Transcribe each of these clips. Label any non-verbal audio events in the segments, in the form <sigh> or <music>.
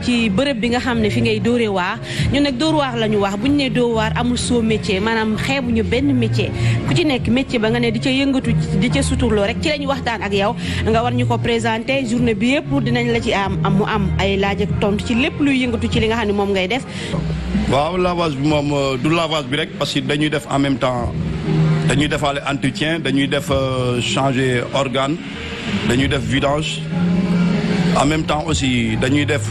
ci bërëb bi nga xam ne fi ngay dóore waar ñu nag dóor waax la ñu wax bu ñu nee dóor waar amul soo métier maanaam xeebuñu benn métier ku ci nekk métier ba nga ne di ca yëngatu di ca suturloo rek ci la ñu waxtaan ak yow nga war ñu ko présenté journée bi yëpp dinañ la ci am mu am ay laaj ak tontu ci lépp luy yëngatu ci li nga xam ne moom ngay def. waaw lavage bi moom euh, du lavage bi rek parce dañuy def en même temps dañuy defaale entretien dañuy def euh, changer organe dañuy def vidange en même temps aussi dañuy def.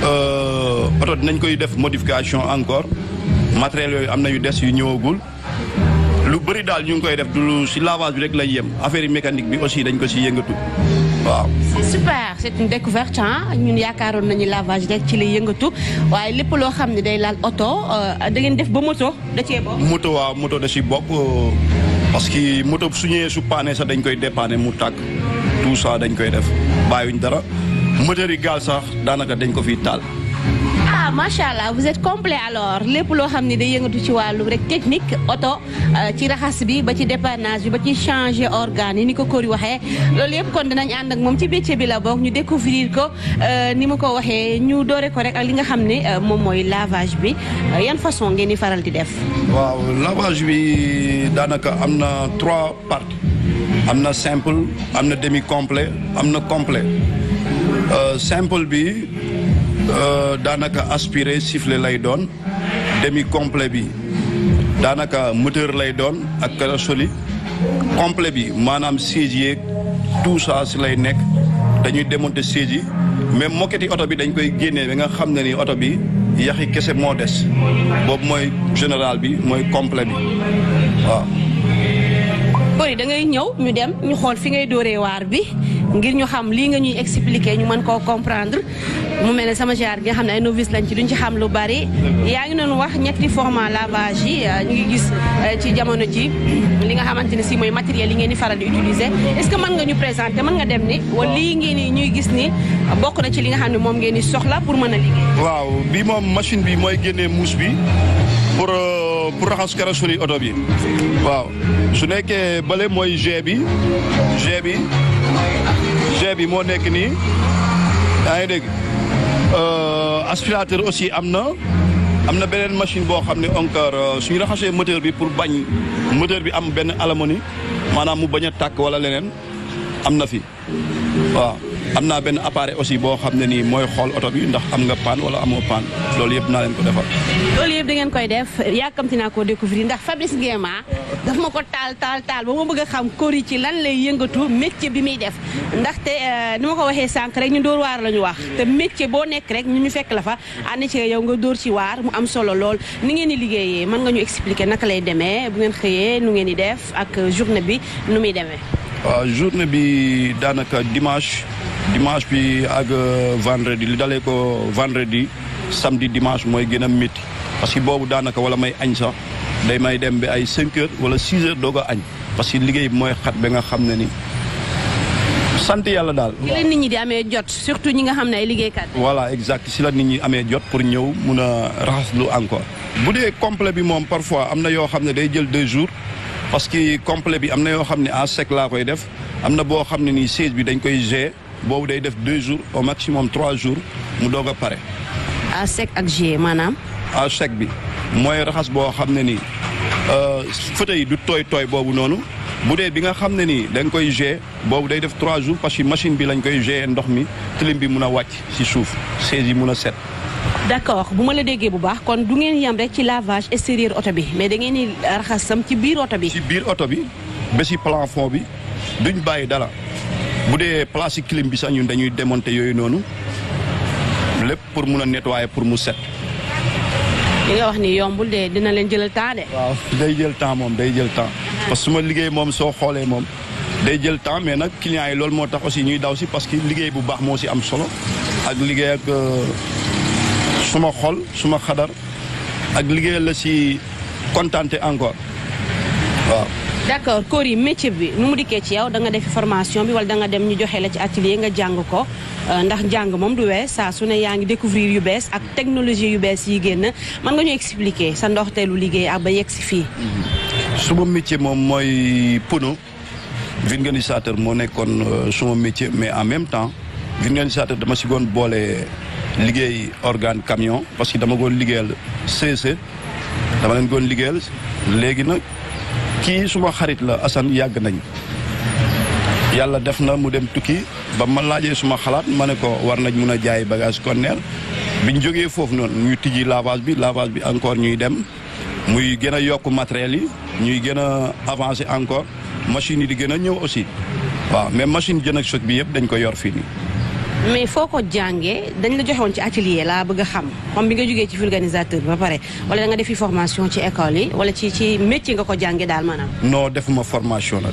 Euh, oto dinañ koy def modification encore matériels yooyu am na yu des yu ñëwagul lu bëri daal ñu ngi koy def du si lavage bi rek lay yem affaire mécanique bi aussi dañ ko si yëngatu waaw. c'est super c'est une découverte ah ñun yaakaaroon nañu lavage rek ci lay yëngatu waaye lépp loo xam ne day laal oto euh, da ngeen def ba moto da cee moto waaw moto da si bokk parce que moto su ñëwee su paanee sax dañ koy dépanner mu tàkk tout ça dañ koy def bàyyiwuñ dara. moteur yi gaal sax daanaka dañ ko fiy taal. ah macha allah vous êtes complet alors lépp loo xam ne day yëngatu ci wàllu rek technique oto euh, ci raxas bi ba ci dépannage bi ba ci changer organe yi ni ko Cory waxee loolu yëpp kon dinañ ànd ak moom ci bécce bi la bokk ñu découvrir ko euh, ni ma ko waxee ñu doore ko rek ak li nga xam ne euh, moom mooy lavage bi yan façon ngeen di faral di def. waaw lavage bi daanaka am na trois parties am na simple am na demi complet am na complet. Euh, simple bi euh, daanaka aspiré sifflet lay doon demi complet bi daanaka moteur lay doon ak solide complet bi maanaam siège yeeg tout ça si lay nekk dañuy démonter siège yi mais moquette yi oto bi dañ koy génnee ba nga xam ne ni oto bi yaxi kese moo des boobu mooy général bi mooy complet bi waaw kon da ngay ñëw ñu dem ñu xool fi ngay dooree waar bi ngir ñu xam lii nga ñuy expliquer ñu mën koo comprendre mu mel ne sama jaar gi nga xam ne ay novice lañ ci duñ ci xam lu bari. yaa ngi doon wax ñetti format lavage yi euh, ñu gis euh, ci jamono ji li nga xamante ne si mooy matériel yi ngeen di faral di utiliser est-ce que mën nga ñu présenter mën nga dem ni. wala lii ngeen nii ñuy gis ni bokk na ci li nga xam ne moom ngeen di soxla pour mën a liggéey. waaw bi moom machine bi mooy génnee mousse bi euh, pour raxas keroog suñuy oto bi waaw su nekkee bale mooy G bi G bi G bi moo nekk nii yaa ngi dégg euh, aspirateur aussi am na am na beneen machine boo xam ne encore euh, suñu raxasee moteur bi pour bañ moteur bi am benn alamoni maanaam mu bañ a tàkk wala leneen am na fi waaw. am naa benn appareil aussi boo xam ne nii mooy xool oto bi ndax am nga paan wala amoo paan loolu yëpp naa leen ko defal. loolu yëpp da ngeen koy def yàkkamti naa koo découvrir ndax Fabrice Nguema daf ma ko taal taal taal ba ma bëgg a xam kori ci lan lay yëngatu métier bi muy def ndaxte euh, ni ma ko waxee sànq rek ñu door waar la ñu wax te métier boo nekk rek ni ñu fekk la fa ànd ci yow nga dóor ci waar mu am solo lool ni ngeen di liggéeyee mën nga ñu expliquer naka lay demee bu ngeen xëyee nu ngeen di def ak journée bi nu muy demee. waaw journée bi daanaka dimanche. dimanche bi ak euh, vendredi li dalee ko vendredi samedi dimanche mooy gën a métti parce que boobu daanaka wala may añ sax day may dem bi ay 5 heures wala 6 heures doo añ parce que liggéey bi mooy xat ba nga xam ne ni sant yàlla daal. ci la nit ñi di amee jot surtout ñi nga xam ne ay liggéeykat. voilà exact si la nit ñi amee jot pour ñëw mun a lu encore. bu dee complet bi moom parfois am na yoo xam ne day jël deux jours parce que complet bi am na yoo xam ne à sec laa koy def am na boo xam ne nii siège bi dañ koy gérer. boobu day def deux jours au maximum trois jours mu doog a pare. à sec ak gie maanaam. à sec bi mooy raxas boo xam ne nii fëtë euh, yi du tooy tooy boobu noonu bu dee bi nga xam ne ni dañ koy gie boobu day def trois jours parce que machine bi lañ koy gie ndox mi tilim bi mun a wàcc si suuf sées yi mun a set. d'accord bu ma la déggee bu baax kon du ngeen yam rek ci lavage extérieur oto bi mais da ngeen di raxas sam ci biir auto bi. ci biir oto bi ba si plafond bi duñ bàyyi dara. bu dee place clim bi sax ñun dañuy démonter yooyu noonu lépp pour mun a nettoyer pour mu set. li nga wax ni yombul de dina leen jël temps de. day jël temps moom day jël temps parce que suma liggéey moom soo xoolee moom day jël temps mais nag clients yi loolu moo tax aussi ñuy daw si parce que liggéey bu baax moo si am solo ak liggéey ak euh, suma xol suma xadar ak liggéey la si kontaante encore waaw. d'accord koor yi métier bi nu mu dikkee ci yow da nga def formation bi wala da dem ñu joxe la ci atelier nga jàng ko euh, ndax jàng moom du wees saa su ne yaa ngi découvrir yu bees ak technologie yu bees yi génn man nga ñu expliquer sa ndoxteelu liggéey ak ba yegg si fii. Mm-hmm. suma métier moom mooy pono vulgarisateur moo nekkoon euh, suma métier mais en même temps vulgarisateur dama si goon boole liggéey organe camion parce que dama goon liggéeyal CEC e, dama leen goon liggéeyal kii suma xarit la Assane yàgg nañ yàlla def na mu dem tukki ba ma laajee suma xalaat ma ne ko war nañ mun a jaay bagage conteneur ñu jógee foofu noonu ñu tijji lavage bi lavage bi encore ñuy dem muy gën a yokk matériel yi ñuy gën a avancer encore machine yi di gën a ñëw aussi waaw mais machine jën ak choc bi yëpp dañ ko yor fii nii mais foo ko jàngee dañ la joxewoon ci atelier laa bëgg a xam moom bi nga jógee ci vulganisateur bi ba pare wala da nga defi formation ci école yi wala ci ci métier nga ko jàngee daal maanaam. non defuma formation nag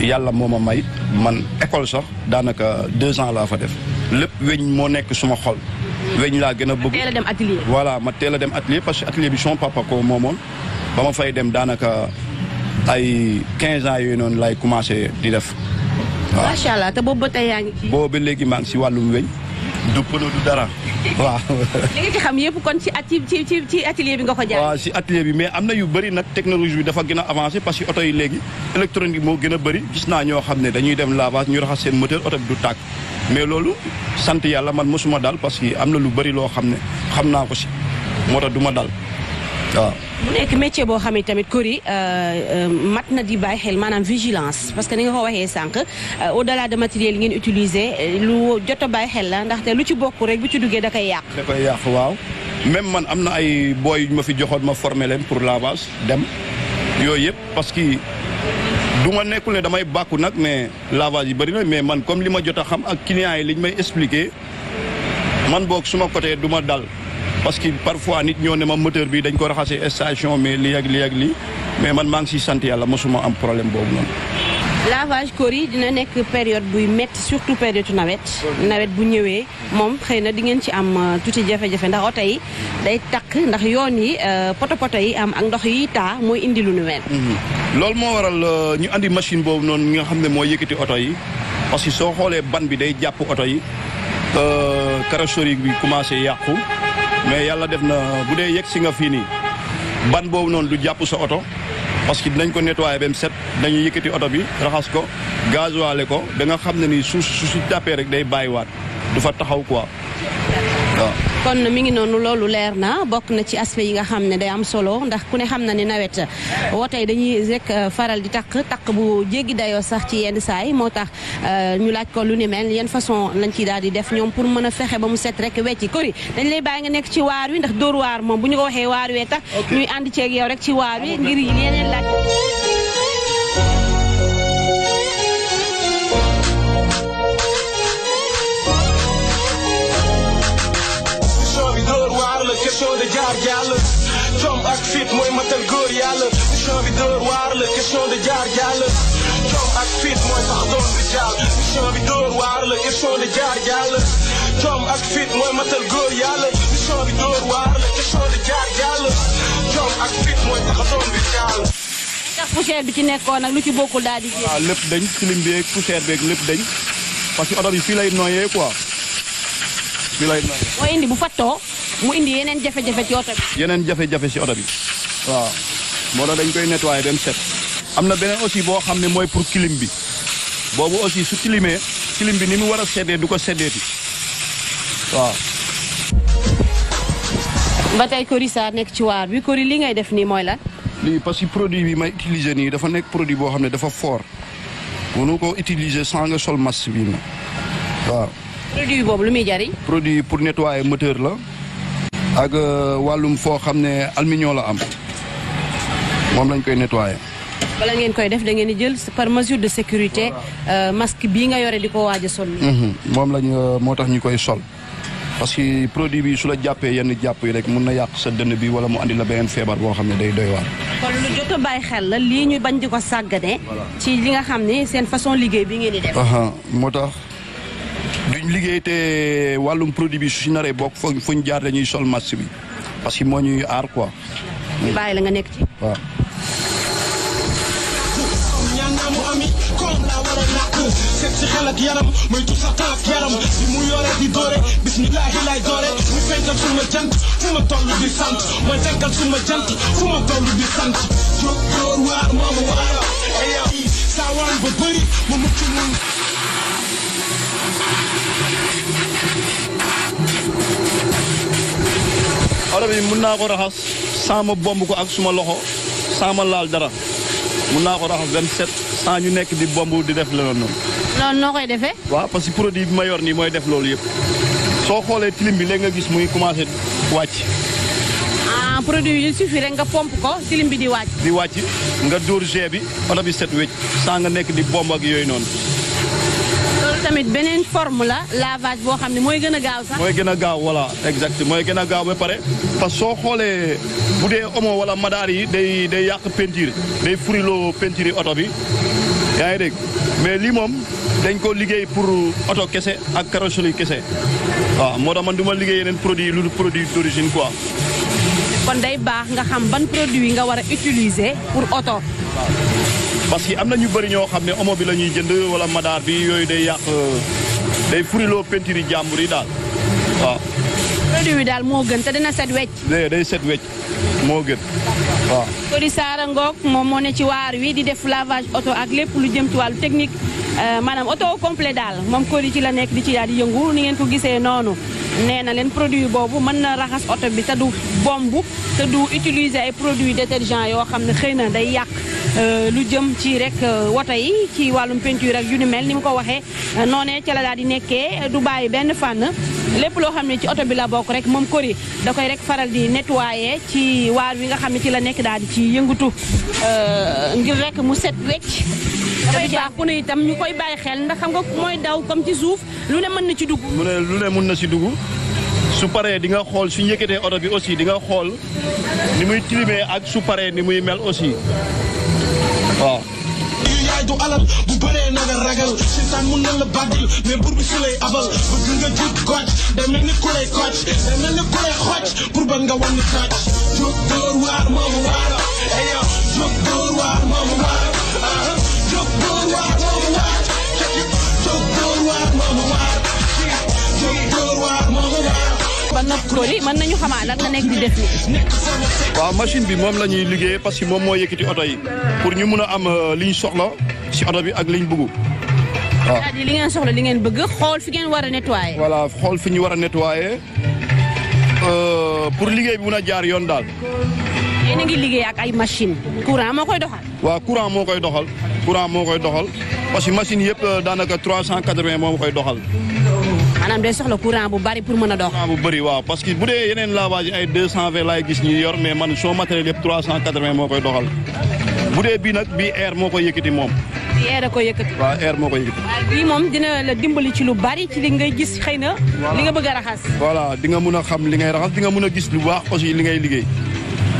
yàlla moo ma may man école sax daanaka deux ans laa fa def lépp weñ moo nekk suma xol. weñ laa gën a bëgg teel dem atelier. voilà ma teel a dem atelier parce que atelier bi son papa ko moomoon ba ma fay dem daanaka ay quinze ans yooyu noonu lay commencé di def. waaw macha allah te boobu ba tey yaa ngi ci. boobu ba léegi maa ngi si wàllum weñ. du pëno du dara. waaw. li nga ci xam yëpp kon ci ci ci ci atelier bi nga ko jaar. waaw si atelier bi mais am na yu bëri nag technologie bi dafa gën a avancé parce que oto yi léegi électronique bi moo gën a bari gis naa ñoo xam ne dañuy dem lavage ñu raxas seen moteur oto bi du tàkk. mais loolu sant yàlla man mosuma daal parce que am na lu bëri loo xam ne xam naa ko si moo tax du ma daal. waaw nekk métier boo xam ne tamit Cory euh, euh, mat na di bàyyi xel maanaam vigilance parce que ni nga ko waxee sànq euh, au delà de matériel li ngeen utiliser lu jot a bàyyi xel la ndaxte lu ci bokk rek bu ci duggee da koy yàq. da koy yàq waaw même man am na ay booy yu ma fi joxoon ma formé leen pour lavage dem yooyu yëpp parce que duma ma nekkul ne damay bàkku nag mais lavage yi bëri na mais man comme li ma jot a xam ak clients yi liñ may expliqué man boog suma côté du ma dal. parce que parfois nit ñoo ne ma moteur bi dañ ko raxase station mais li ak lii ak li mais man maa ngi sant yàlla mosuma am problème boobu noonu. lavage koor yi dina nekk période buy métti surtout période nawet nawet bu ñëwee moom xëy na di ngeen ci am euh, tuuti jafe-jafe ndax oto yi day takk ndax yoon yi euh, poto poto yi am ak ndox yi taa mooy indi lu nu mel. Mhm. loolu moo waral euh, ñu andi machine boobu noonu nga xam ne moo yëkkati oto yi parce que soo xoolee ban bi day jàpp oto yi carrosserie bi commencé yàqu. mais yàlla def na bu dee yegg si nga fii nii ban boobu noonu du jàpp sa oto parce que dinañ ko nettoyé ba mu set dañuy yëkkati oto bi raxas ko gasoilé ko da nga xam ne ni suuf su si tàppee rek day bàyyiwaat du fa taxaw quoi waaw. kon mi ngi noonu loolu leer na bokk na ci aspect yi nga xam ne day am solo ndax ku ne xam na ne nawet woto yi dañuy rek euh, faral di takk takk bu jéggi dayoo sax ci yenn saay moo tax euh, ñu laaj ko lu ne mel yenn façon lañ ciy daal di def ñoom pour mën a fexe ba mu set rek wecci kori dañ lay bàyyi nga nekk ci waar wi ndax dóor waar moom bu ñu ko waxee waar wee tax ñuy ànd ceeg yow rek ci waar wi ngir yi yeneen laaj question de jaar yàlla jom ak fit mooy matal góor yàlla mission bi dóor waar la question de jaar yàlla jom ak fit mooy tax doon di jàll mission bi dóor waar la question de jaar yàlla jom ak fit mooy matal góor yàlla mission bi dóor waar la question de jaar yàlla jom ak fit mooy tax doon di jàll ndax poussière bi ci nekkoon nag lu ci bokkul daal di génn. waaw ah, lépp dañ clim beeg poussière beeg lépp dañ parce que oto bi fii lay noyyee quoi fii lay noyyee. moo indi bu fattoo. mu indi yeneen jafe-jafe yeneen jafe-jafe si oto bi waaw moo tax dañ koy nettoyer ba mu set. am na beneen aussi boo xam ne mooy pour clim bi boobu aussi su climee clim bi ni mu war a seddee du ko seddee seddeeti waaw. ba tey Cory saa nekk ci waar bi Cory li ngay def nii mooy lan. lii parce que produit bi may utiliser nii dafa nekk produit boo xam ne dafa fort mënu ko utiliser sans nga sol masque bi nii waaw. produit boobu lu muy jariñ. produit pour nettoyer moteur la. ak euh, wàllum foo xam ne aluminium la am moom lañ koy nettoyer. bala ngeen koy def da ngeen di jël par mesure de sécurité euh, masque bi nga yore di ko waaj a sol. Mhm. moom lañ euh, moo tax ñu koy sol parce que produit bi su la jàppee yenn jàpp yi rek mun na yàq sa dënn bi wala mu andi la beneen feebar boo xam ne day doy waar. kon lu jot a bàyyi xel la lii ñu bañ di ko sàggane. ci li nga xam ne seen façon liggéey bi ngeen di def. duñ liggéey te wàllum produit bi su si naree bokk fo fuñ dañuy sol masque bi parce que moo ñuy aar quoi. ñu bàyyi la nga nekk ci. waaw. seet si xel ak yaram mooy tout sa taaf yaram si mu yore di doore bismillahi lay doore mu fenkal suma jant fu ma toll di sant mooy fenkal suma jant fu ma toll di sant jóg door waar mooma waara ayow saa waan ba bëri ma mucc mun oto bi mën naa ko raxas ma bomb ko ak suma loxo sama laal dara mun naa ko raxas 27 sans ñu nekk di bomb di def leneen noonu. loolu noo koy defee. waaw parce que produit bi ma yor nii mooy def loolu yëpp soo xoolee tilim bi léegi nga gis muy commencé wàcc. ah produit yi suffit rek nga pompe ko tilim bi di wàcc. di wàcc nga dóor G bi oto bi set wécc sans nga nekk di bomb ak yooyu noonu. tamit beneen forme la lavage boo xam ne mooy gën a gaaw sax. mooy gën a gaaw voilà exact mooy gën a gaaw ba pare parce que soo xoolee bu dee omo wala madaar yi day day yàq peinture day furiloo peinture oto bi yaa ngi dégg mais lii moom dañ ko liggéey pour oto kese ak carrosserie kese waaw moo tax man du ma liggéey yeneen produit lu produit d'origine quoi. kon day baax nga xam ban produit nga war a utiliser pour oto. parce que am na ñu bëri ñoo xam ne omo bi la ñuy jënd wala madaar bi yooyu day yàq day furiloo peinture yi jàmbur yi daal waaw. produit bi daal moo gën te dina set wecc. day set wecc moo gën waaw. Codou Sarr Ngok moom moo ne ci waar wi di def lavage oto ak lépp lu jëm ci wàllu technique euh, maanaam oto complet daal moom Codou ci la nekk di ci daal di yëngu ni ngeen ko gisee noonu. nee na leen produit boobu mën na raxas oto bi te du bomb te du utiliser ay produits détergents yoo xam ne xëy na day yàq euh, lu jëm ci rek euh, woto yi ci wàllum peinture ak yu ni mel ni mu ko waxee euh, noonee ci la daal di nekkee du bàyyi benn fànn lépp loo xam ne ci oto bi la bokk rek moom kori da koy rek faral di nettoyer ci waar wi nga xam ne ci la nekk daal di ci yëngatu ngir rek mu set wecc dafay baax ku ne itam ñu koy bàyyi xel ndax xam nga mooy daw comme ci suuf lu ne mën na ci dugg. na si dugg su paree di nga xool suñu yëkkatee oto bi aussi di nga xool ni muy tilimee ak su paree ni muy mel aussi waaw. yaay du alal bu bëree naga ragal seetaan mun na la bàddil mais buur bi su lay abal bëgg nga jug goj day mel ni ku lay koj day mel ni ku lay xoj pour ba nga wan ni toj jóg waar moomu waara eyo ba nopp produit mën nañu xamaa lan nekk di def waaw machine bi moom la ñuy liggéey parce que moom moo yëkkati oto yi pour ñu mun a am euh, li ñu soxla si oto bi ak li ñu bëgg waaw c'est-à-dire li ngeen soxla li ngeen bëgg xool fi ngeen war a nettoyer. voilà xool fi ñu war a nettoyer euh, pour liggéey bi mun a jaar yoon daal. yéen a ngi liggéey ak ay machine courant moo koy doxal. waaw courant moo koy doxal. courant moo koy doxal parce que machine yëpp euh, daanaka trois 380 moo koy doxal. maanaam day soxla courant bu bari pour mën a dox. courant bu bëri waaw parce que bu dee yeneen lavage yi ay 220 laay gis ñu yor mais man soo matériel yëpp moo koy doxal bu dee bii nag bii air moo koy yëkkati moom. di air a ko yëkkati. waaw air moo ko yëkkati. bii moom dina la dimbali ci lu bari ci li ngay gis xëy na. li nga bëgg a raxas. voilà di nga mun a xam li ngay raxas di nga mun a gis lu baax aussi li ngay liggéey.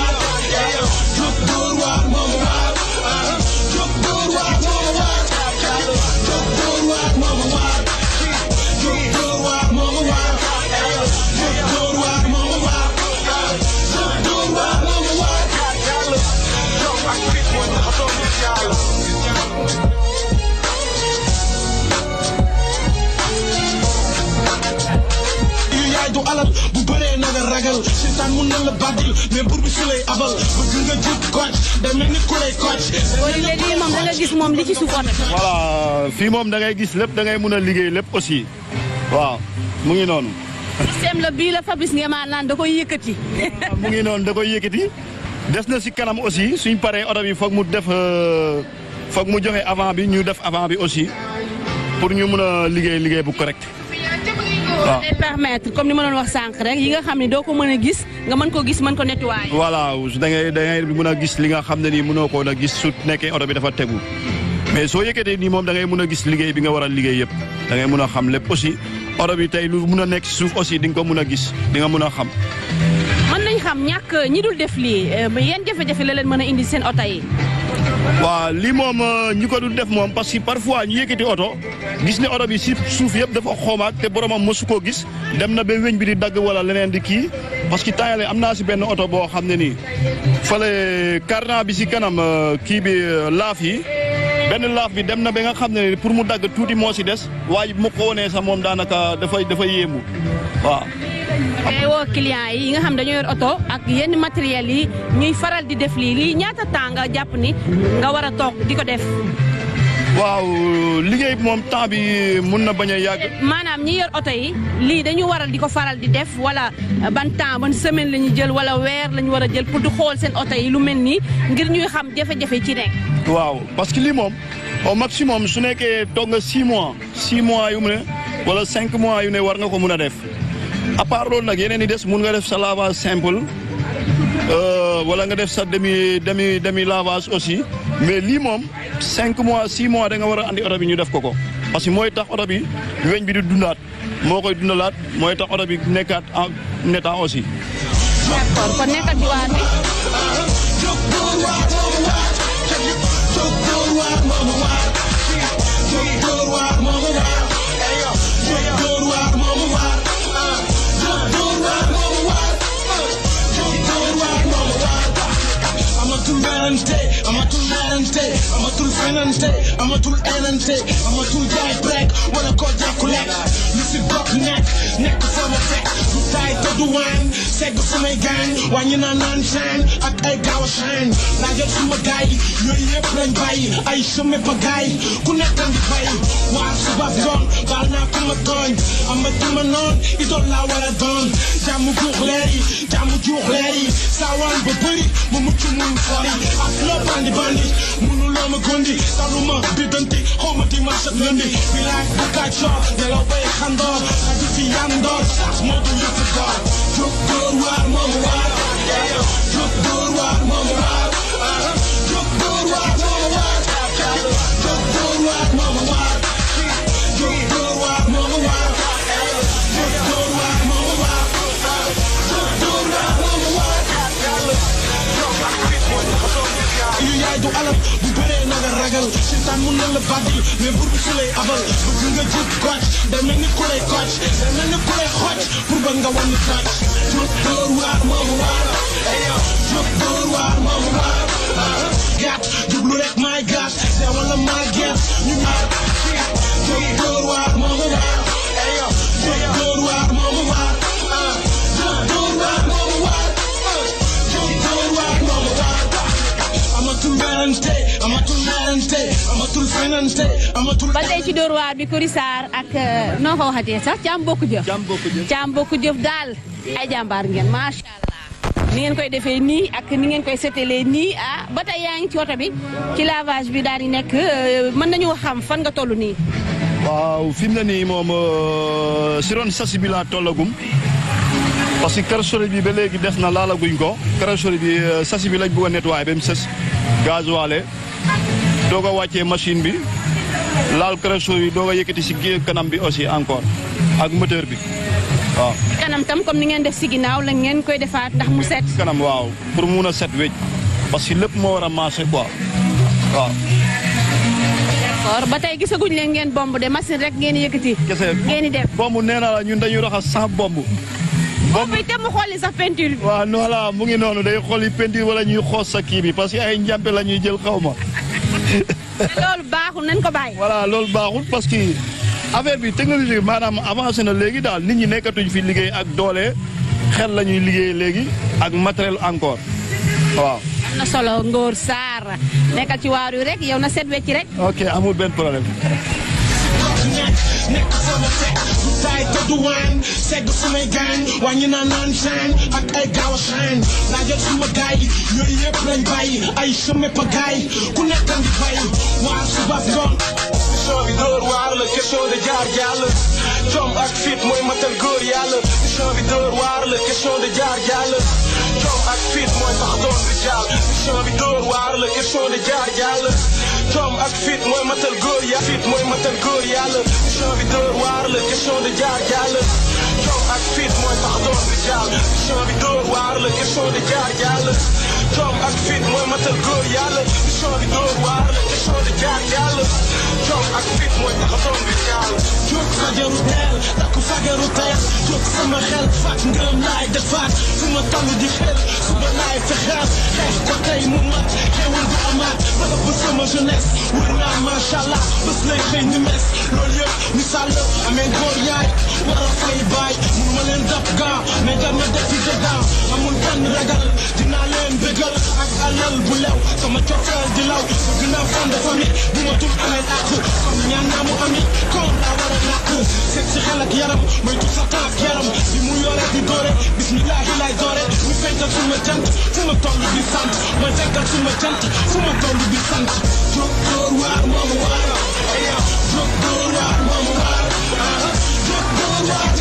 waar. Look good waar moom waar. waxtaan mun na la bàggul mais buur bi su abal bëgg nga jub koc day mel ni ku lay koc. moom da gis fii moom da ngay gis lépp da ngay mun a liggéey lépp aussi waaw mu ngi noonu. système la bii la Fabrice Nguema naan da koy yëkkati. mu ngi noonu da koy yëkkati des na si kanam aussi suñ paree oto bi foog mu def euh, foog mu joxe avant bi ñu def avant bi aussi pour ñu mun a liggéey liggéey bu correct. waaw lay permettre comme ni ma doon wax sànq rek yi nga xam ne doo ko mën a gis nga mën ko gis mën ko nettoyer. voilà da ngay da ngay mën a gis li nga xam ne nii mënoo koo na gis su nekkee oto bi dafa tegu mais soo yëkkatee nii moom dangay mën a gis liggéey bi nga war a liggéey yëpp da mën a xam lépp aussi oto bi tey lu mën a nekk suuf aussi di nga ko mën a gis di nga mën a xam. mën nañ xam ñàkk ñi dul def lii euh, yan jafe-jafe la leen mën a indi seen oto yi. waaw lii moom euh, ñi ko dul def moom parce que parfois ñu yëkkati oto gis ne oto bi si suuf yëpp dafa xoomaat te boromam mosu koo gis dem na ba weñ bi di dagg wala leneen di kii parce que temps am naa si benn oto boo xam ne nii fale carnet bi si kanam euh, kii bi euh, laaf yi benn laaf bi dem na ba nga xam ne pour mu dagg tuuti moo si des waaye bu ma ko sax moom daanaka dafay dafay yéemu waaw. ngay woo client yi nga xam dañoo yor oto ak yenn matériel yi ñuy faral di def lii lii ñaata temps nga jàpp ni nga war a toog di ko def. waaw liggéey bi moom temps bi mun na bañ a yàgg. maanaam ñi yor oto yi lii dañu waral di ko faral di def wala ban temps ban semaine la ñu jël wala weer lañu ñu war a jël pour di xool seen oto yi lu mel nii ngir ñuy xam jafe-jafe ci nekk. waaw parce que lii moom au maximum su nekkee toog nga 6 mois 6 mois yu ne wala 5 mois yu ne war nga ko mun a def. à part loolu nag yeneen yi des mun nga def sa lavage simple euh, wala nga def sa demi demi demi lavage aussi mais lii moom cinq mois six mois da nga war a andi oto bi ñu def ko ko parce que mooy tax oto bi weñ bi di dundaat moo koy dundalaat mooy tax oto bi nekkaat en état aussi. Valentine, I'm a Valentine, I'm a fenante amatul enante amatul jaay break wala koo jàkku lekk li si bokk nekk nekk sama fekk su taay tëddu waan segg samay gaañ wàññi naa naan saan ak ay gaaw a saan laajal suma gaay yooyu yëpp lañ ay chômé ba gaay ku nekk di fay waa suba doon baal naa ku ma tooñ amatuma noon idol laa war a doon jàmm juux leer yi jàmm juux leer yi saawaan ba bëri mu mucc mun fori ak loo bandi bandi munu loo ma gondi 力，杀入梦必登地，后门定满神能力。未来不开创，你老被看到，还是一样的，什么都要知道。如果我梦完。seetaan mun na la bàggul mais buur bi su abal bëgg nga jub koc day ni ku lay koc ni ku lay xoc pour bëgg nga wan ni koc jub dóor waar eyo jub dóor waar moomu waar gaat jublu rek maay gaat see wala maay gaat ñu ñaar jub dóor waar moomu eyo amatul ba tey ci Dóor waar bi Kori Sarr ak euh, noo ko waxatee sax Thiam bokku jëf. Thiam bokku jëf Thiam bokku jëf daal. ay jàmbaar ngeen macha allah. ni ngeen koy defee nii ak ni ngeen koy seetalee nii ah ba tey yaa ngi ci oto bi ci lavage bi daal di nekk euh, mën nañu xam fan nga toll nii. waaw fi mu ne nii moom euh, si ron sasi bi laa tollagum. parce que carrosserie bi ba léegi des na laalaguñ ko carrosserie bi sasi bi lañ bëgg a nettoyer ba mu sës gasoilé doog a wàccee machine bi laal cracho yi doog a si gée kanam bi aussi encore ak moteur bi waaw. kanam tam comme ni ngeen def si ginnaaw la ngeen koy defaat ndax mu set. kanam waaw pour mun a set wécc parce que lépp moo war a marché quoi waaw. ba tey gisaguñ leen ngeen bomb de machine rek ngeen yëkkati. kese ngeen di def bomb nee la ñun dañuy raxas sans bomb. moom itam mu xooli sa peinture bi. waaw voilà mu ngi noonu day xooli peinture wala ñuy xoos sa kii bi parce que ay njàmpe la ñuy jël xaw ma. <laughs> loolu baaxul nañ ko bàyyi. voilà loolu baaxul parce que affaire bi technologie bi maanaam avancé na léegi daal nit ñi nekkatuñ fi liggéey ak doole xel la ñuy liggéey léegi ak matériel encore waaw. am na solo Ngor Sarr nekkal ci waaru rek yow na set wecc rek. ok amul benn problème. nekk sama teg lu te du waan segg samay gaañ wàññi naa naan saan ak ay gaaw a saan laajal gaay yooyu yëpp lañ bàyyi ay sëmme pa gaay ku nekk di bàyyi waa suba doon question bi door waar la question de jaar jàll jom ak fit mooy matal góor yàlla question bi waar la question de jaar waar la jom ak fit mooy matal góor yaa fit mooy matal góor yàlla question bi dóor waar la question jaar jaar la fit mooy tax door bi jàll mission bi door waar la question de jaar yàlla jom ak fit mooy matal góor yàlla mission bi door waar la question de jaar yàlla jom ak fit mooy tax door bi jàll jóg fajaru teel takku fagaru teel jóg sama xel fàtt ngërëm laay defaat su ma tàllu di xel suba laay fexaat xeex ko tey mu mat xewal du amaat bala ba sama jeunesse wër naa macha allah bés lay xëy ni mes loolu yëpp misaal la amee góor yaay war a fay baay kenn ragal dinaa leen bégal ak alal bu lew sama cokkal di law bëgg naa fond de famille bu ma tul amee àq comme ñaan naa mu ami comme laa war a nàq seet si xel yaram may tut sa yaram li mu yore di doore bismillahi lay doore mu fenkal suma jant fu ma toll di sant ma fenkal suma jant fu ma toll di sant jóg dóor waar mooma waar jóg dóor waar mooma waar jóg dóor waar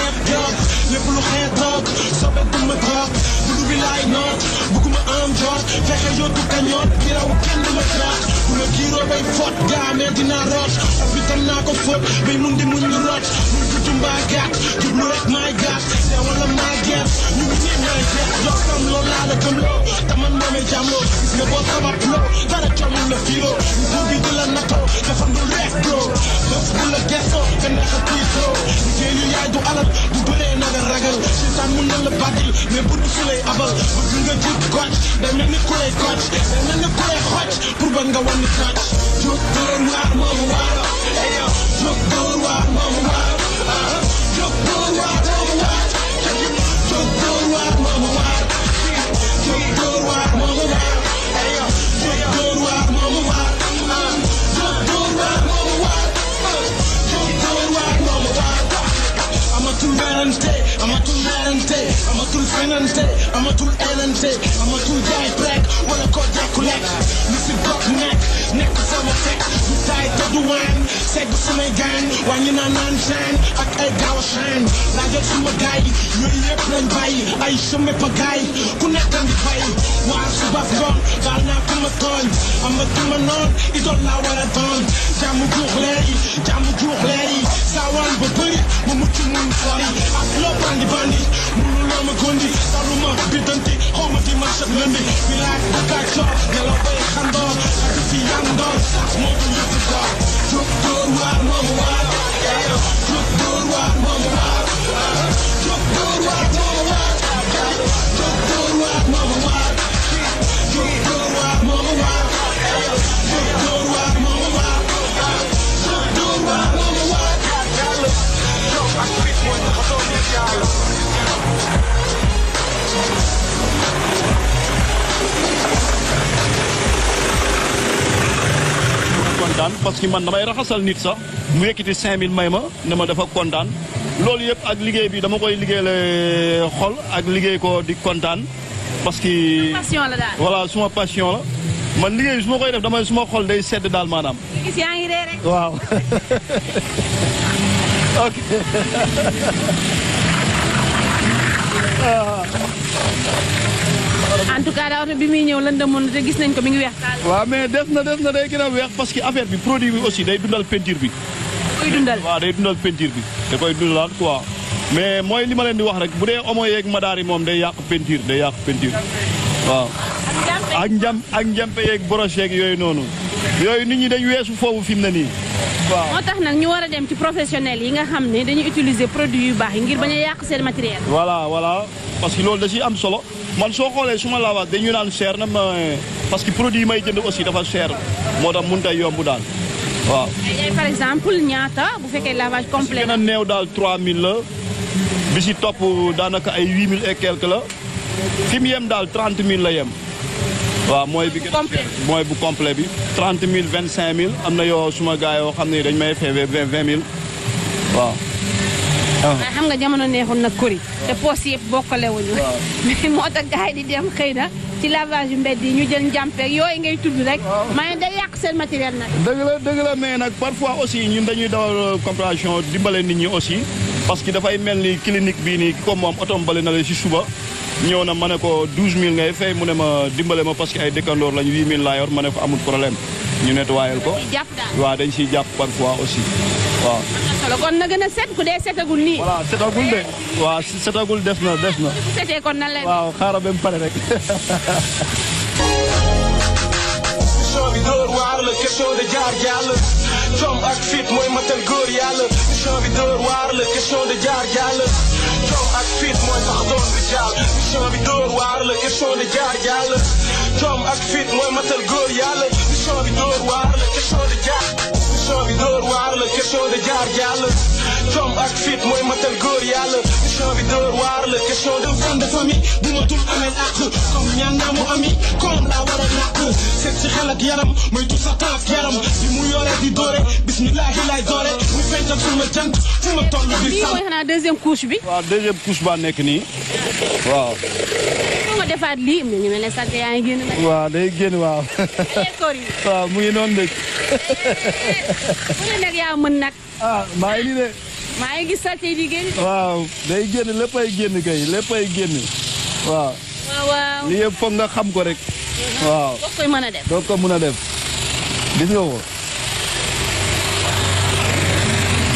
xeeb jox lépp lu xeeb toog soppeekuma toog dugub bi laay noot bëgguma am jox fexe yóotu kañoot di raw kenn du ma trax bu la jiiroo bay fot jaamee dinaa root hôpital naa ko fot bay mun di muñ root bul gudd mbaa gàtt jublu rek maay gàtt te wala maay gàtt ñu ngi nii maay gàtt jox laa la gëmloo te man moomee jaamloo gis nga boo sababloo dara commune la fiiloo nguur gi du la natoo dafa ndul rek loo lëf bu la gestoo nga neex a tiitoo liggéey lu yaay du alal du bëree naga ragal seetaan mun na la bàddil mais bu du fi lay abal bëgg nga jub kocc day mel ni ku lay kocc day mel ni ku lay xocc pour ba nga wanni kocc jóg dóor waar moom waar eyo jóg dóor waar moom waar jóg dóor waar melante amatul melante amatul fenante amatul elante amatul jaay black wala ko jàkku lekk lu si bokk nekk nekk sama teg du taay te du waan segg samay gaan wàññi naa naan seen ak ay gaaw a seen laajal suma gaay yooyu yëpp lañ bàyyi ay chemin pagaay ku nekk am di fay waar suba ngoon daal naa ku ma tooñ ma sama noon idool laa war a doon jàmm juux leer yi jàmm juux leer yi saawaan ba bëri ma mucc mun sori ak loo bandi bandi munu loo ma gondi saruma biddanti xaw ma di marché lëndi bi laaj ba kàccoor nelaw bay xandoor ak fi yandoor sax moo ko yëpp door jóg dóor waar moom waar jóg dóor waar moom waar jóg dóor waar moom waar jóg dóor kontaan parce que man damay raxasal nit sax mu yëkkati may ma ne ma dafa kontaan loolu yëpp ak liggéey bi dama koy liggéeyal eh, xol ak liggéey ko di kontaan parce que voilà suma passion la man liggéey bi su koy def damay suma xol day sedd daal maanaam waaw <laughs> ok <laughs> Euh, en tout cas oto bi muy ñëw lan demoon te gis nañ ko mi ngi weex. waaw mais def na def na day gën a weex parce que affaire bi produit bi aussi day dundal peinture bi. koy dundal waaw day dundal peinture bi. da koy dundalaat quoi mais mooy li ma leen di wax rek bu dee omo yeeg madaar yi moom day yàq peinture day yàq peinture waaw. ak ak njampe yeeg broche yeeg yooyu noonu. yooyu nit ñi dañ weesu foofu fi mu ne nii waaw moo tax nag ñu war a dem ci professionnel yi nga xam ne dañuy utiliser produit yu baax yi ngir bañ a yàq seen matériel. voilà voilà parce que loolu da ciy am solo man soo xoolee su ma laawaat dañu cher na ma parce que produit yi may jënd aussi dafa cher moo tax mënut a yomb daal waaw. par exemple ñaata bu fekkee lavage complet. gën a néew daal 3000 la bi si topp daanaka ay 8000 et quelque la yem daal 30 mille la yem. waaw mooy bi gën a mooy bu complet bi trente mille vingt cinq mille am na yoo suma gars yoo xam ne dañ may feewee vingt mille waaw ah. waaw xam nga jamono neexul nag kori te poos yëpp bokkale wuñu <laughs> moo tax gars yi di dem xëy na ci lavage yu mbedd yi ñu jël njàmpeeg yooyu ngay tudd rek maa ngi day yàq seen matériel nag dëgg la dëgg la mais nag parfois aussi ñun dañuy dawal di dimbale nit ñi aussi parce que dafay mel ni clinique bii nii ki ko moom oto mbale na la si suba ñëw na ma ne ko 12000 ngay fay mu ne ma dimbale ma parce que ay dëkkandoor lañ 8000 laa yor ma ne ko amul problème ñu nettoyal ko. waaw dañ siy jàpp parfois aussi waaw. kon na gën a set ku dee setagul nii. voilà setagul de des na des na. waaw xaaral ba mu pare rek. de <laughs> jaar ak fit mooy sax doon di jaal mission bi door waar la question de jaar yàlla jom ak fit mooy matal góor yàlla mission bi door waar la question de jaar mission bi door waar la question de jaar yàlla jom ak fit mooy matal góor yàlla mission bi door waar la question de femme de famille bu ma tul amee àq xel ak yaram mooy tout sa temps ak yaram si mu yore di doore bismillahi lay doore mu fental suma jant fu ma toll di lii mooy xanaa deuxième couche bi waaw deuxième couche baa nekk nii waaw waaw defaat lii ñu mel ne sànq yaa ngi génn nag. waaw day génn waaw. <laughs> waaw mu ngi noonu dëkk. mu ne nag yaa mën nag. ah maa ngi nii de. maa ngi gis sànq di génn. waaw day génn léppay génn kay léppay génn waaw. waaw waaw lii yëpp foog nga xam ko rek. waaw doo koy mën a def doo ko mën a def gis nga ko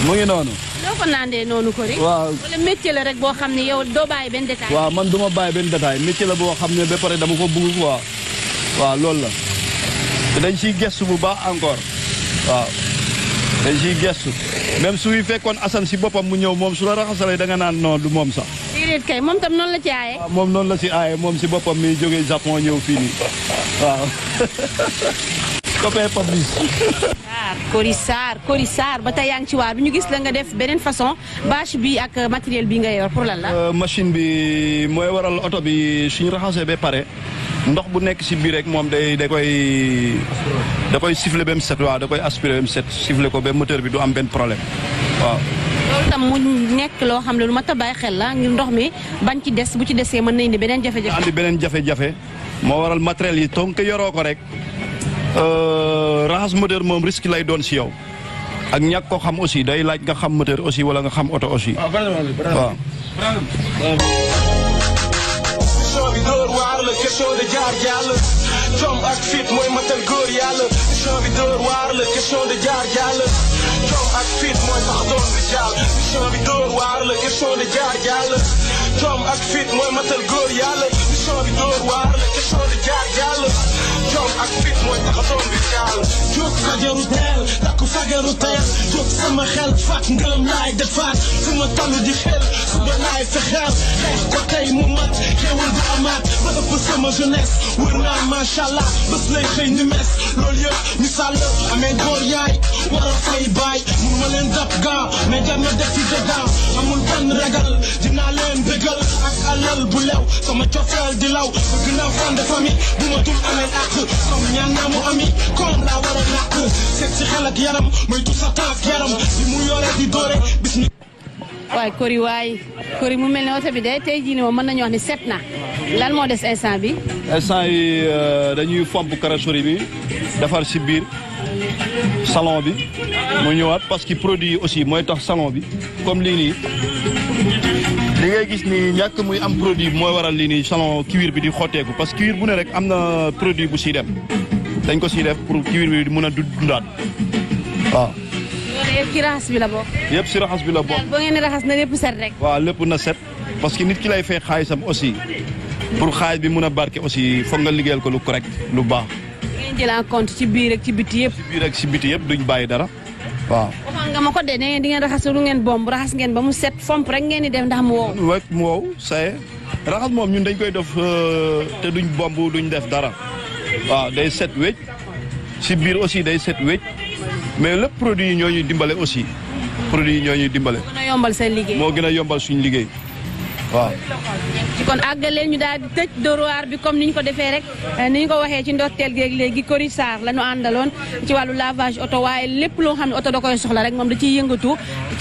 mu ngi noonu. doo ko noonu ko rek. waaw la rek boo xam ne yow doo bàyyi benn détail. waaw man duma ma bàyyi benn détail métier la boo xam ne ba pare dama ko bëgg quoi waaw loolu la te dañ siy gestu bu baax encore waaw dañ siy gestu même suy fekkoon Assane si boppam mu ñëw moom su la raxasalee da naan non du moom sax. déedéet kay moom tam noonu la ci aaye. moom noonu la ci aaye moom si boppam mi jógee Japon ñëw fii nii waaw. <laughs> copain Papis. Sarr Cory ba tey yaa ngi ci waar bi ñu gis la nga def beneen façon bâche bi ak matériel bi nga yor pour lan la. Euh, machine bi mooy waral oto bi suñu raxasee ba pare ndox bu nekk ci biir rek moom day da koy da koy siffler ba mu set waaw da koy aspirer ba set siffler ko ba moteur bi du am benn problème waaw. tam mu nekk loo xam ne lu mat a bàyyi xel la ngir ndox mi bañ ci des bu ci desee mën na indi beneen jafe-jafe. andi beneen jafe-jafe moo waral matériel yi tonk yoroo ko rek euh, raxas moteur moom risque lay doon si yow ak ñàkk ko xam aussi day laaj nga xam moteur aussi wala nga xam oto aussi. Ah, waaw. question bi jom ak fit mooy matal góor yàlla mission bi dóor waar la question de jaar yàlla jom ak fit mooy tax doon di jaar mission bi dóor waar la question de jaar yàlla jom ak fit mooy matal góor yàlla mission bi dóor waar la question de jaar yàlla jom ak fit mooy tax doom bi daal jóg fajaru teel takku fajaru teel defaat fu ma toll di xel suba laay fexeel xeex ko tey mu mat xéewal bu amaat ba ëpp sama jeunesse wër naa macha allah bés lay xëy ni mes loolu yëpp misaal la amee góor yaay war a fay baay mun ma leen dab gaa mais jar na def fi dedans amul benn ragal dinaa leen dëggal ak alal bu lew sama cofeel di law bëgg naa fond de famille bu ma dul amee ak sama ñaan ñaa mu ami koom laa war a làkk seet si xel ak yaram moytu sa taaf yaram si mu yore di doore bis ni waay kori waay kori mu mel ne oto bi de tey jii nii moom mën nañu wax ni set na lan moo des instant bi instant yi euh, dañuy fomp carrosserie bi defar si biir salon bi mu ñëwaat parce que produit yi aussi mooy tax salon bi comme lii nii li ngay gis ni ñàkk muy am produit bi mooy waral li ni salon cuir bi di xotteeku parce que cuir bu ne rek am na produit bu siy dem dañ ko siy def pour cuir bi mën a dundaat waaw. yëpp ci raxas yëpp si raxas bi la bokk. boo ngeen na lépp set rek. waaw lépp na set parce que nit ki lay fay xaalisam aussi pour xaalis bi mun a barke aussi foog nga liggéeyal ko lu correct lu baax. ngeen jël en ci biir rek ci biti yëpp. ci rek ci biti yëpp duñ bàyyi dara. waaw waxoon nga ma ko de ne di ngeen raxas du ngeen bomb raxas ngeen ba mu set fomp rek ngeen di def ndax mu wow. mu wow saye raxas moom ñun dañ koy def euh, te duñ bomb duñ def dara waaw day set wécc si biir aussi day set wécc mais lépp produit yi ñoo ñuy dimbale aussi produit yi ñoo ñuy dimbale. moo seen moo gën a yombal suñu liggéey. waaw kon àggalee ñu daal di tëj dóorwaar bi comme ni ñu ko defee rek eh, ni ñu ko waxee ci ndorteel géeg léegi Cory Sarr la ñu àndaloon ci wàllu lavage oto waaye lépp loo xam ne oto da koy soxla rek moom da ciy yëngatu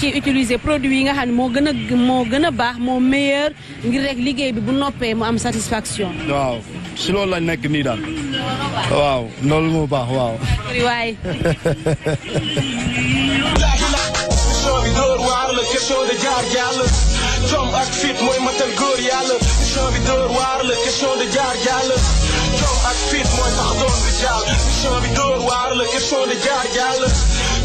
ci utiliser produit yi nga xam ne moo gën a moo gën a baax moo meilleur ngir rek liggéey bi bu noppee mu am satisfaction. waaw si loolu la nekk nii daal waaw loolu moo baax waaw. waaye. <laughs> jom ak fit mooy matal góor yàlla mission bi dóor waar la question de jaar jaar la jom ak fit mooy tax doon di jaar mission bi dóor waar la question de jaar jaar la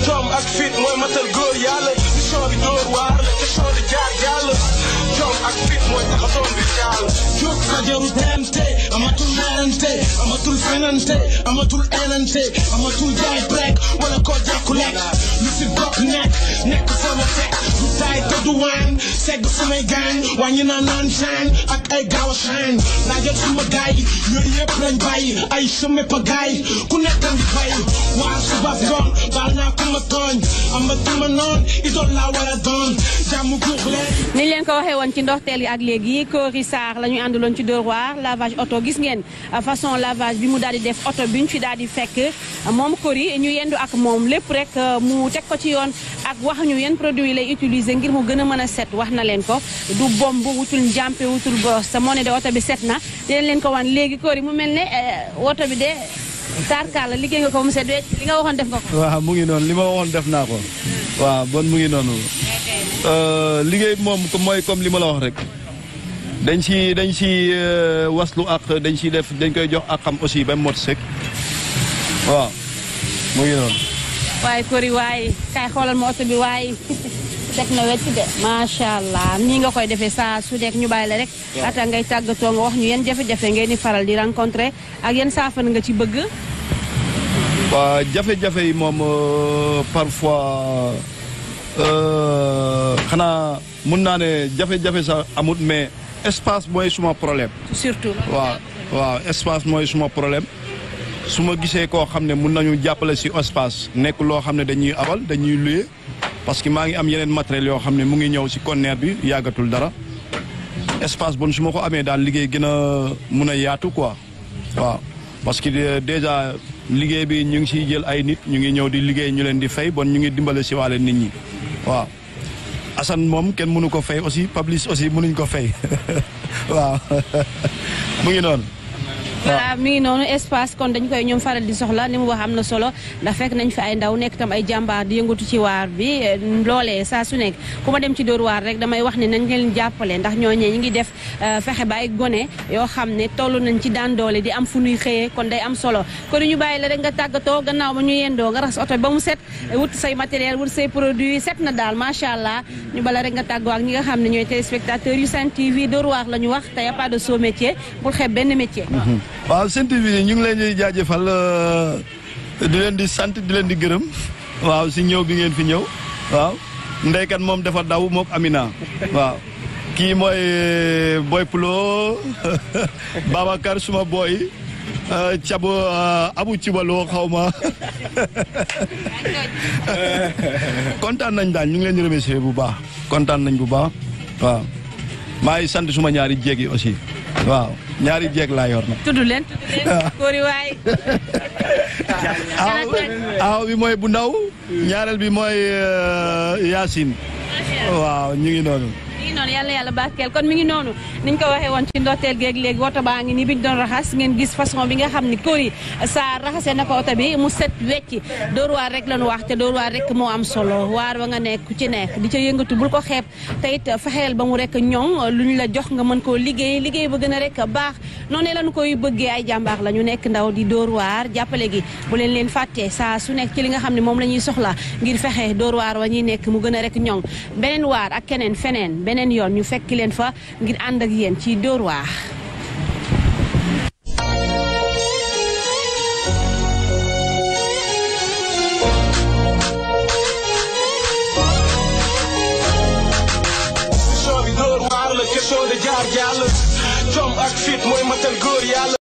jom ak fit mooy matal góor yàlla mission bi dóor waar la question de jaar jaar la jom ak fit mooy tax a doon bi daal jóg na jarul teente amatul naanante amatul fenante amatul enante amatul jaay break wala koo jàkku lekk lu si bokk nekk nekk sama fekk du taay te du waan segg samay gaañ wàññi naa naan saan ak ay gaaw a saan laajal suma gaay yooyu yëpp lañ bàyyi ay sëmme pa gaay ku nekkan di fay waa suba ngoon baal naa ku ma tooñ amatuma noon idol laa war a doon jàmm guux leen ni leen ko waxee woon kon ci ndoxteel yi ak léegi Cory Sarr la ñu àndaloon ci devoir lavage oto gis ngeen façon lavage bi mu daal di def oto bi ñu fi daal di fekk moom Cory ñu yendu ak moom lépp rek euh, mu teg ko ci yoon ak wax ñu yenn produit yi lay utiliser ngir mu gën a mën a set wax na leen ko du bomb wutul njàmpe wutul brosse moo ne de oto bi set na dinañ leen ko wan léegi Cory mu mel ne euh, oto bi de tarkaal la liggéey nga ko mu set li nga waxoon def nga ko. waaw mu noonu li ma waxoon def naa ko. Hmm. bon mu ngi noonu. Euh, liggéey moom mooy comme li ma la wax rek dañ ci dañ si euh, waslu ak dañ si def dañ koy jox ak xam aussi ba mot sëkk waaw mu ngi noonu. waaye Cory waaye kay xoolal ma oto bi waaye <laughs> def na wecc de macha allah nii nga koy defee saa su nekk ñu bàyyi la rek. ata ngay tàggatoo nga wax ñu yan jafe-jafe ngeen di faral di rencontré ak yan saafara nga ci bëgg. waa jafe-jafe yi moom euh, parfois. Euh, xanaa mun naa ne jafe-jafe sax amut mais espace mooy suma problème. surtout waaw waaw espace mooy suma problème su ma gisee koo xam ne mun nañu jàppale si espace nekk loo xam ne dañuy abal dañuy luye parce que maa ngi am yeneen matériel yoo xam ne mu ngi ñëw si conteneur bi yàggatul dara espace bon su ma ko amee daal liggéey gën a mun a yaatu quoi waaw parce que euh, déjà liggéey bi ñu ngi siy jël ay nit ñu ngi ñëw di liggéey ñu leen di fay bon ñu ngi dimbale si waale nit ñi. waaw Assane moom kenn mënu ko fay aussi Pablis aussi mënuñ ko fay <laughs> waaw <laughs> mu ngi noonu. voilà mi ngi noonu espace kon dañ koy ñoom faral di soxla ni mu wax am na solo ndax fekk nañ fi ay ndaw nekk tam ay jàmbaar di yëngatu ci waar bi eh, loolee saa su nekk ku ma dem ci dóor waar rek damay wax ne nañ leen jàppale ndax ñooñee ñi ngi def eh, fexe ba gone yoo xam ne toll nañ ci daan doole di am fu nuy xëyee kon day am solo kon ñu bàyyi la rek nga tàggatoo gannaaw ba ñu yendoo nga raxas oto ba mu set wut say matériel wut say produit set na daal macha allah ñu bala rek nga tàggoo ak ñi nga xam ne ñooy téléspectateurs yu Sen TV door waar la ñu wax te y a pas de sot métier pour xeeb benn métier mm-hmm. waaw Sen TV ñu ngi leen di jaajëfal euh, di leen di sant di leen di gërëm waaw si ñëw bi ngeen fi ñëw waaw ndeykat moom dafa daw mook Amina waaw kii mooy euh, boy Pulo <laughs> Babacar suma booy cabo euh, abu cibaloo xaw ma <laughs> kontaan nañ daal ñu ngi leen di remercier bu baax kontaan nañ bu baax waaw maa ngi sant suma ñaari jéeg yi aussi waaw ñaari jeeg laa yor nag. tudd leen tudd ah. waay. aaw <laughs> bi mooy bu ndaw. ñaareel bi mooy euh, Yacine. waaw ñu ngi noonu. ñaan yal na yàlla barkeel kon mi ngi noonu niñ ko waxee woon ci ndorteel géeg léegi woto baa ngi ni biñ doon raxas ngeen gis façon bi nga xam ni Coly Sarr raxasee na ko oto bi mu set wecc dóor waar rek lañu wax te dóor waar rek moo am solo waar wa nga nekk ku ci nekk di ca yëngatu bul ko xeeb te it fexeel ba mu rek ñoŋ lu ñu la jox nga mën koo liggéey liggéey ba gën rek baax noonu lañu koy bëggee ay jàmbaar la ñu nekk ndaw di dóor waar jàppale gi bu leen leen fàttee saa su ci li nga xam ne moom la ñuy soxla ngir fexe dóor waar wa ñuy nekk mu gën a rek ñoŋ beneen waar ak keneen feneen beneen yoon ñu fekk leen fa ngir ànd ak yéen ci Dóor waar coom ak fit mooy matal góor yàlla